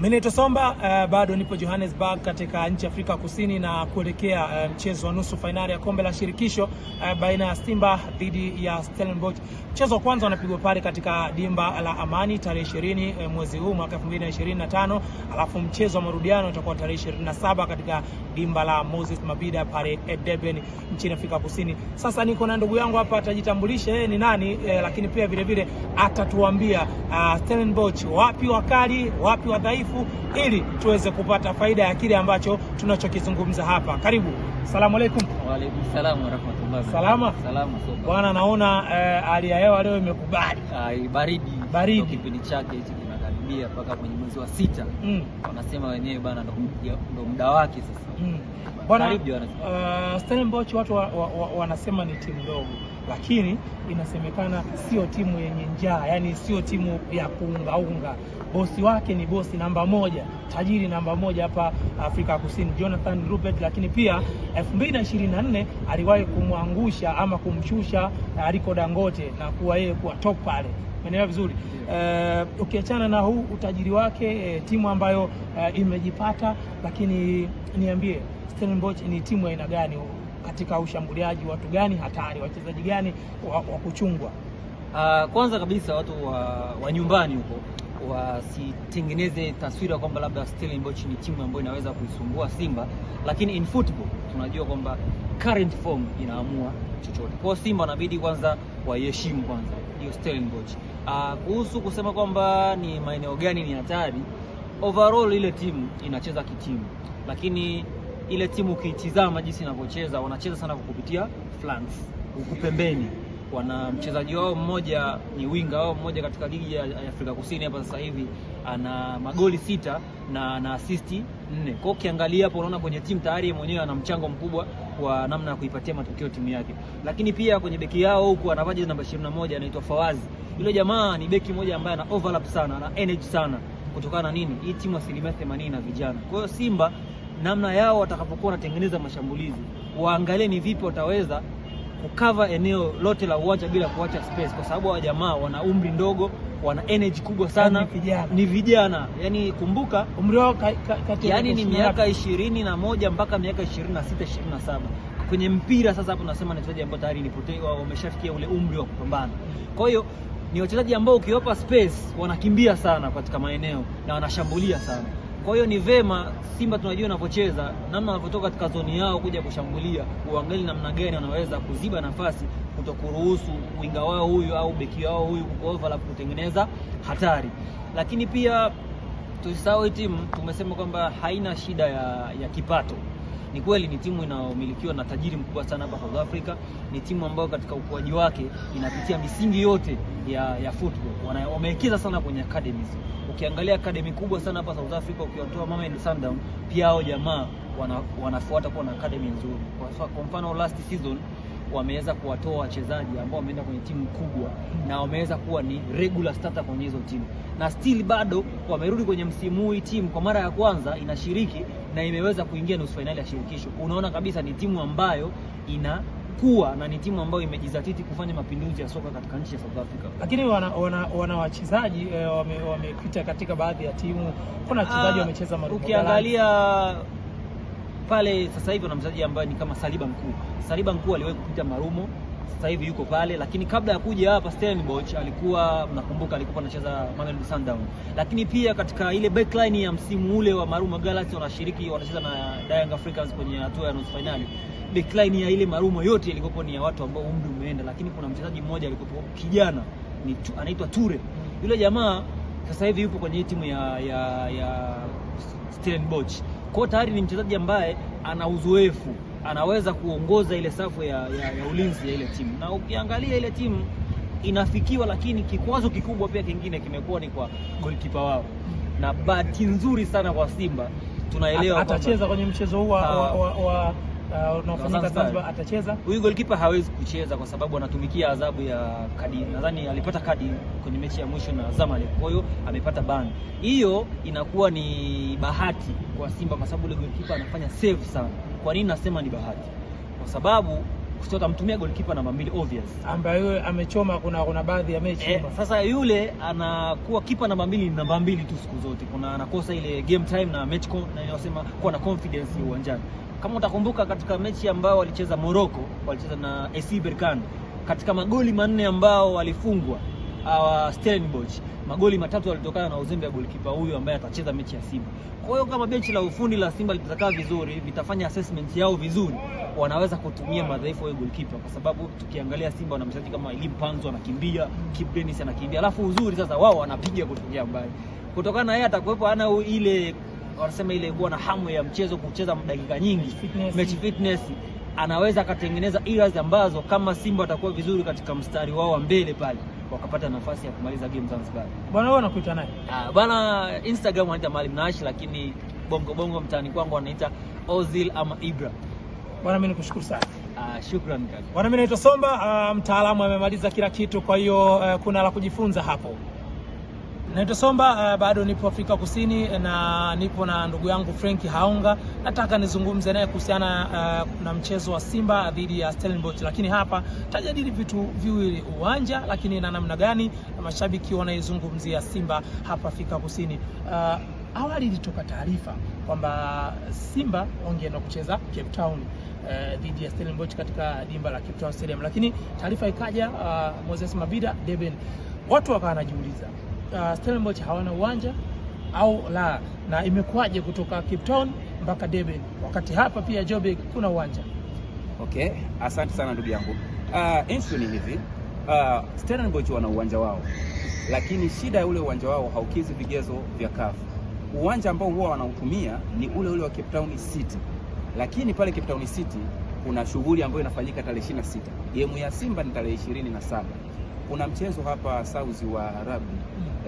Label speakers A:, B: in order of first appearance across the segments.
A: Mimi naitwa Somba uh, bado nipo Johannesburg katika nchi ya Afrika Kusini na kuelekea uh, mchezo wa nusu fainali ya kombe la shirikisho uh, baina ya Simba dhidi ya Stellenbosch. Mchezo wa kwanza unapigwa pale katika dimba la Amani tarehe 20 uh, mwezi huu mwaka 2025, alafu mchezo wa marudiano utakuwa tarehe 27 katika dimba la Moses Mabida pale Durban nchini Afrika Kusini. Sasa niko na ndugu yangu hapa, atajitambulisha yeye ni nani eh, lakini pia vile vile atatuambia uh, Stellenbosch wapi wakali, wapi wadhaifu mrefu ili tuweze kupata faida ya kile ambacho tunachokizungumza hapa. Karibu. Salamu aleikum.
B: Wa aleikum salaam wa rahmatullah. Salama. Salama.
A: Bwana, naona eh, hali eh, ya hewa leo imekubali.
B: Ai, baridi. Baridi. Kipindi chake hichi kinakaribia mpaka kwenye mwezi wa sita. Mm. Wanasema wenyewe bana ndo muda wake sasa.
A: Mm. Bwana, uh, Stellenbosch watu wa, wa, wa, wanasema ni timu ndogo lakini inasemekana sio timu yenye njaa, yani sio timu ya kuungaunga. Bosi wake ni bosi namba moja, tajiri namba moja hapa Afrika Kusini, Jonathan Rupert. Lakini pia 2024 aliwahi kumwangusha ama kumshusha Aliko Dangote na kuwa yeye kuwa top pale Umeelewa vizuri yeah. Uh, ukiachana na huu utajiri wake eh, timu ambayo uh, imejipata, lakini niambie Stellenbosch ni timu ya aina gani? katika ushambuliaji, watu gani hatari, wachezaji gani wa, wa kuchungwa?
B: Uh, kwanza kabisa watu wa, wa nyumbani huko wasitengeneze taswira kwamba labda Stellenbosch ni timu ambayo inaweza kuisumbua Simba, lakini in football tunajua kwamba current form inaamua chochote. Kwa Simba inabidi kwanza waiheshimu kwanza hiyo Stellenbosch. Uh, ah, kuhusu kusema kwamba ni maeneo gani ni hatari, overall ile timu inacheza kitimu, lakini ile timu ukiitizama jinsi inavyocheza, wanacheza sana kwa kupitia flanks huku pembeni. Wana mchezaji wao mmoja ni winga wao mmoja katika ligi ya Afrika Kusini hapa sasa hivi ana magoli sita na ana asisti nne. Kwa ukiangalia hapo, unaona kwenye timu tayari mwenyewe ana mchango mkubwa kwa namna ya kuipatia matokeo timu yake. Lakini pia kwenye beki yao huku anavaa jezi namba 21 anaitwa Fawazi. Yule jamaa ni beki mmoja ambaye ana overlap sana, ana energy sana kutokana na nini? Hii timu asilimia 80 na vijana. Kwa hiyo Simba namna yao watakapokuwa wanatengeneza mashambulizi, waangalie ni vipi wataweza kukava eneo lote la uwanja bila kuacha space, kwa sababu hawa jamaa wana umri ndogo, wana energy kubwa yaani sana, ni vijana. Yani kumbuka umri wao yani ni miaka ishirini na moja mpaka miaka ishirini na sita ishirini na saba kwenye mpira. Sasa hapo nasema ni wachezaji ambao tayari ni wameshafikia ule umri wa kupambana, kwa hiyo ni wachezaji ambao ukiwapa space wanakimbia sana katika maeneo na wanashambulia sana. Kwa hiyo ni vema Simba tunajua inapocheza namna wanavyotoka katika zoni yao kuja kushambulia, uangalie namna gani wanaweza kuziba nafasi, kutokuruhusu winga wao huyu au beki wao huyu kuoverlap kutengeneza hatari. Lakini pia tusisahau timu tumesema kwamba haina shida ya, ya kipato. Ni kweli ni timu inayomilikiwa na tajiri mkubwa sana hapa South Africa. Ni timu ambayo katika ukuaji wake inapitia misingi yote ya, ya football. Wamewekeza sana kwenye academies. Ukiangalia academy kubwa sana hapa South Africa, ukiwatoa Mamelodi Sundowns, pia hao jamaa wana, wanafuata kuwa na academy nzuri. Kwa mfano last season wameweza kuwatoa wachezaji ambao wameenda kwenye timu kubwa na wameweza kuwa ni regular starter kwenye hizo timu, na still bado wamerudi kwenye msimu huu. Timu kwa mara ya kwanza inashiriki na imeweza kuingia nusu fainali ya shirikisho. Unaona kabisa ni timu ambayo ina kuwa na ni timu ambayo imejizatiti kufanya mapinduzi ya soka katika nchi ya South Africa.
A: Lakini wana, wana, wana wachezaji eh, wamepita wame katika baadhi ya timu. Kuna wachezaji ah, wamecheza
B: Ukiangalia pale sasa hivi wana mchezaji ambaye ni kama Saliba Mkuu. Saliba Mkuu aliwahi kupita Marumo, sasa hivi yuko pale, lakini kabla ya kuja hapa Stellenbosch alikuwa mnakumbuka, alikuwa anacheza Mamelodi Sundowns. Lakini pia katika ile backline ya msimu ule wa Marumo Galaxy wanashiriki wanacheza na Young Africans kwenye hatua ya nusu finali backline ya ile Marumo yote ilikuwa ni ya watu ambao umri umeenda, lakini kuna mchezaji mmoja alikuwa kijana ni tu, anaitwa Ture. Yule jamaa sasa hivi yupo kwenye timu ya ya, ya Stellenbosch kwao tayari ni mchezaji ambaye ana uzoefu, anaweza kuongoza ile safu ya, ya, ya ulinzi ya ile timu, na ukiangalia ile timu inafikiwa, lakini kikwazo kikubwa pia kingine kimekuwa ni kwa golkipa wao, na bahati nzuri sana kwa Simba tunaelewa
A: atacheza kwenye mchezo huu wa ah uh, atacheza
B: huyu goalkeeper hawezi kucheza kwa sababu anatumikia adhabu ya kadi, nadhani alipata kadi kwenye mechi ya mwisho na Zamalek, kwa hiyo amepata ban. Hiyo inakuwa ni bahati kwa Simba kwa sababu yule goalkeeper anafanya save sana. Kwa nini nasema ni bahati? Kwa sababu utamtumia goalkeeper namba mbili obvious,
A: ambaye yule amechoma, kuna kuna baadhi ya mechi eh,
B: sasa yule anakuwa kipa namba mbili namba mbili tu siku zote, kuna anakosa ile game time na match na inasema kuwa na confidence uwanjani. Kama utakumbuka katika mechi ambayo walicheza Morocco, walicheza na AC Berkane, katika magoli manne ambao walifungwa uh, Stellenbosch, magoli matatu yalitokana na uzembe wa golikipa huyo ambaye atacheza mechi ya Simba. Kwa hiyo kama benchi la ufundi la Simba litakaa vizuri, vitafanya assessment yao vizuri, wanaweza kutumia madhaifu ya golikipa, kwa sababu tukiangalia Simba wana mchezaji kama Elie Panzo anakimbia, Kip Dennis anakimbia, alafu uzuri sasa wao wanapiga kutokea mbali, kutokana na yeye atakuwepo ana ile wanasema ile kuwa na hamu ya mchezo, kucheza dakika nyingi, mechi fitness anaweza akatengeneza errors ambazo kama Simba watakuwa vizuri katika mstari wao wa mbele pale wakapata nafasi ya kumaliza game Zanzibar.
A: Bwana wewe unakuita naye?
B: Ah, bwana Instagram wanaita Mwalimu Nash lakini bongo bongo mtaani kwangu wanaita Ozil ama Ibra.
A: Bwana mimi nikushukuru sana.
B: Ah, shukrani kaka.
A: Bwana mimi naitwa Somba, ah, mtaalamu amemaliza kila kitu kwa hiyo eh, kuna la kujifunza hapo. Naitwa Somba, eh, bado nipo Afrika Kusini eh, na nipo na ndugu yangu Frank Haonga. Nataka nizungumze naye kuhusiana uh, na mchezo wa Simba dhidi ya Stellenbosch, lakini hapa tajadili vitu viwili, uwanja lakini na namna gani na mashabiki wanaizungumzia Simba hapa Afrika Kusini. Uh, awali ilitoka taarifa kwamba Simba wangeenda kucheza Cape Town uh, ya Stellenbosch katika dimba la Cape Town Stadium, lakini taarifa ikaja uh, Moses Mabida Deben, watu wakawa wanajiuliza uh, Stellenbosch hawana uwanja au la, na imekuwaje kutoka Cape Town mpaka Durban wakati hapa pia Joburg kuna uwanja?
B: Okay, asante sana ndugu yangu. Uh, issue ni hivi uh, Stellenbosch wana uwanja wao, lakini shida ya ule uwanja wao haukizi vigezo vya CAF. Uwanja ambao huwa wanautumia ni ule ule wa Cape Town City, lakini pale Cape Town City kuna shughuli ambayo inafanyika tarehe 26. Gemu ya Simba ni tarehe 27 kuna mchezo hapa Saudi wa rugby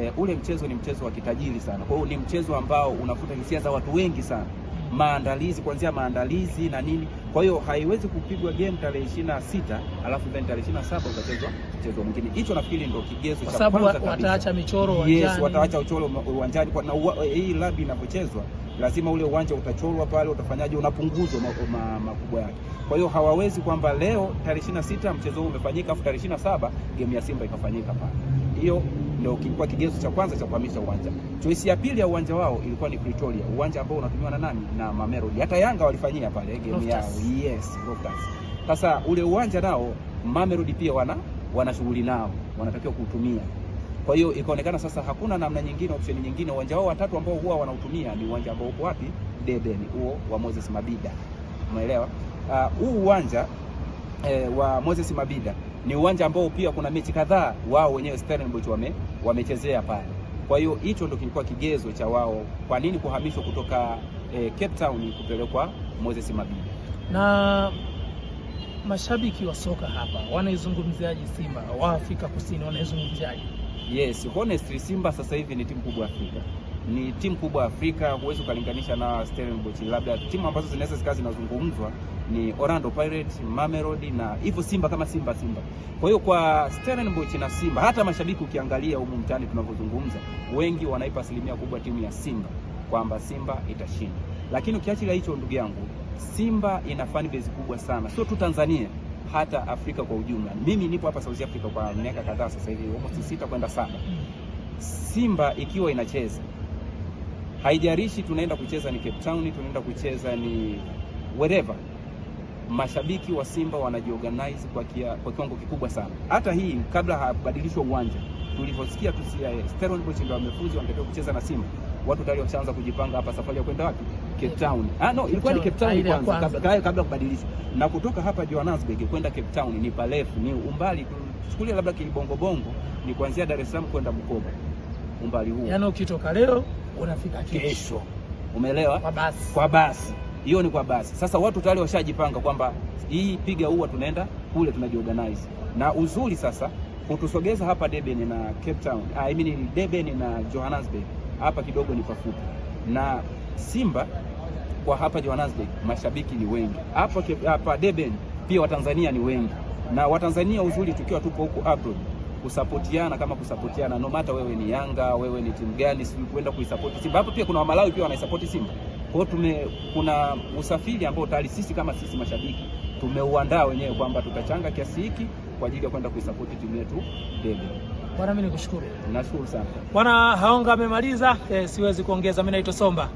B: e, ule mchezo ni mchezo wa kitajiri sana. Kwa hiyo ni mchezo ambao unafuta hisia za watu wengi sana, maandalizi kuanzia maandalizi na nini. Kwa hiyo haiwezi kupigwa game tarehe ishirini na sita alafu then tarehe ishirini na saba utachezwa mchezo mwingine. Hicho nafikiri ndio kigezo
A: cha kwanza kabisa, wataacha michoro uwanjani, yes,
B: wataacha uchoro uwanjani na eh, hii rugby inapochezwa lazima ule uwanja utachorwa pale, utafanyaje, unapunguzwa makubwa ma, ma yake. Kwa hiyo hawawezi kwamba leo tarehe 26 mchezo huu umefanyika, afu tarehe 27 game ya Simba ikafanyika pale. Hiyo ndio kilikuwa kigezo cha kwanza cha kuhamisha uwanja. Choice ya pili ya uwanja wao ilikuwa ni Pretoria, uwanja ambao unatumiwa na nani? Na Mamelodi. Hata Yanga walifanyia pale eh, game yao,
A: yes, Loftus.
B: Sasa ule uwanja nao Mamelodi pia wana wanashughuli nao, wanatakiwa kuutumia. Kwa hiyo ikaonekana sasa hakuna namna nyingine, option nyingine. Uwanja wao watatu ambao huwa wanautumia ni uwanja ambao uko wapi? Dedeni, huo wa Moses Mabida, umeelewa? Ah, huu uh, uwanja e, wa Moses Mabida ni uwanja ambao pia kuna mechi kadhaa wao wenyewe Stellenbosch wame wamechezea pale. Kwa hiyo hicho ndio kilikuwa kigezo cha wao kwa nini kuhamishwa kutoka e, Cape Town kupelekwa Moses Mabida.
A: Na mashabiki wa soka hapa wanaizungumziaje Simba wa Afrika Kusini wanaizungumziaje?
B: Yes, honestly Simba sasa hivi ni timu kubwa Afrika, ni timu kubwa Afrika, huwezi ukalinganisha na Stellenbosch. Labda timu ambazo zinaweza zikawa zinazungumzwa ni Orlando Pirates, Mamelodi na hivyo Simba kama Simba Simba. Kwa hiyo kwa Stellenbosch na Simba, hata mashabiki ukiangalia humu mtaani tunavyozungumza, wengi wanaipa asilimia kubwa timu ya Simba kwamba Simba itashinda, lakini ukiachilia hicho, ndugu yangu, Simba ina fan base kubwa sana, sio tu Tanzania hata Afrika kwa ujumla. Mimi nipo hapa South Africa kwa miaka kadhaa sasa hivi, almost sita kwenda saba. Simba ikiwa inacheza, haijarishi tunaenda kucheza ni Cape Town, tunaenda kucheza ni wherever mashabiki wa Simba wanajiorganize kwa, kwa kiwango kikubwa sana. Hata hii kabla habadilishwa uwanja, tulivyosikia tu Stellenbosch ndio wamefuzu wangetoka kucheza na Simba watu tayari washaanza kujipanga hapa safari ya kwenda wapi? Cape Town. Ah, no, ilikuwa ni Cape Town kwanza kabla kabla kubadilisha. Na kutoka hapa Johannesburg kwenda Cape Town ni parefu, ni umbali chukulia labda kilibongo bongo ni kuanzia Dar es Salaam kwenda Bukoba. Umbali huo
A: Yaani ukitoka leo unafika
B: kesho. Umeelewa? Kwa basi. Kwa basi. Hiyo ni kwa basi. Sasa watu tayari washajipanga kwamba hii piga huwa tunaenda kule tunajiorganize. Na uzuri sasa kutusogeza hapa Deben na Cape Town. Ah, I mean Deben na Johannesburg hapa kidogo ni pafupi, na Simba kwa hapa Johannesburg mashabiki ni wengi, hapa hapa Deben pia Watanzania ni wengi, na Watanzania uzuri tukiwa tupo huko abroad kusapotiana kama kusapotiana, no matter wewe ni Yanga, wewe ni timu gani, si kwenda kuisapoti Simba. Hapo pia kuna Wamalawi pia wanaisapoti Simba. Kwa tume kuna usafiri ambao tayari sisi kama sisi mashabiki tumeuandaa wenyewe kwamba tutachanga kiasi hiki kwa ajili ya kwenda kuisapoti timu yetu Deben.
A: Bwana, mimi nikushukuru. Nashukuru sana bwana. Haonga amemaliza. eh, siwezi kuongeza. Mimi naitwa Somba.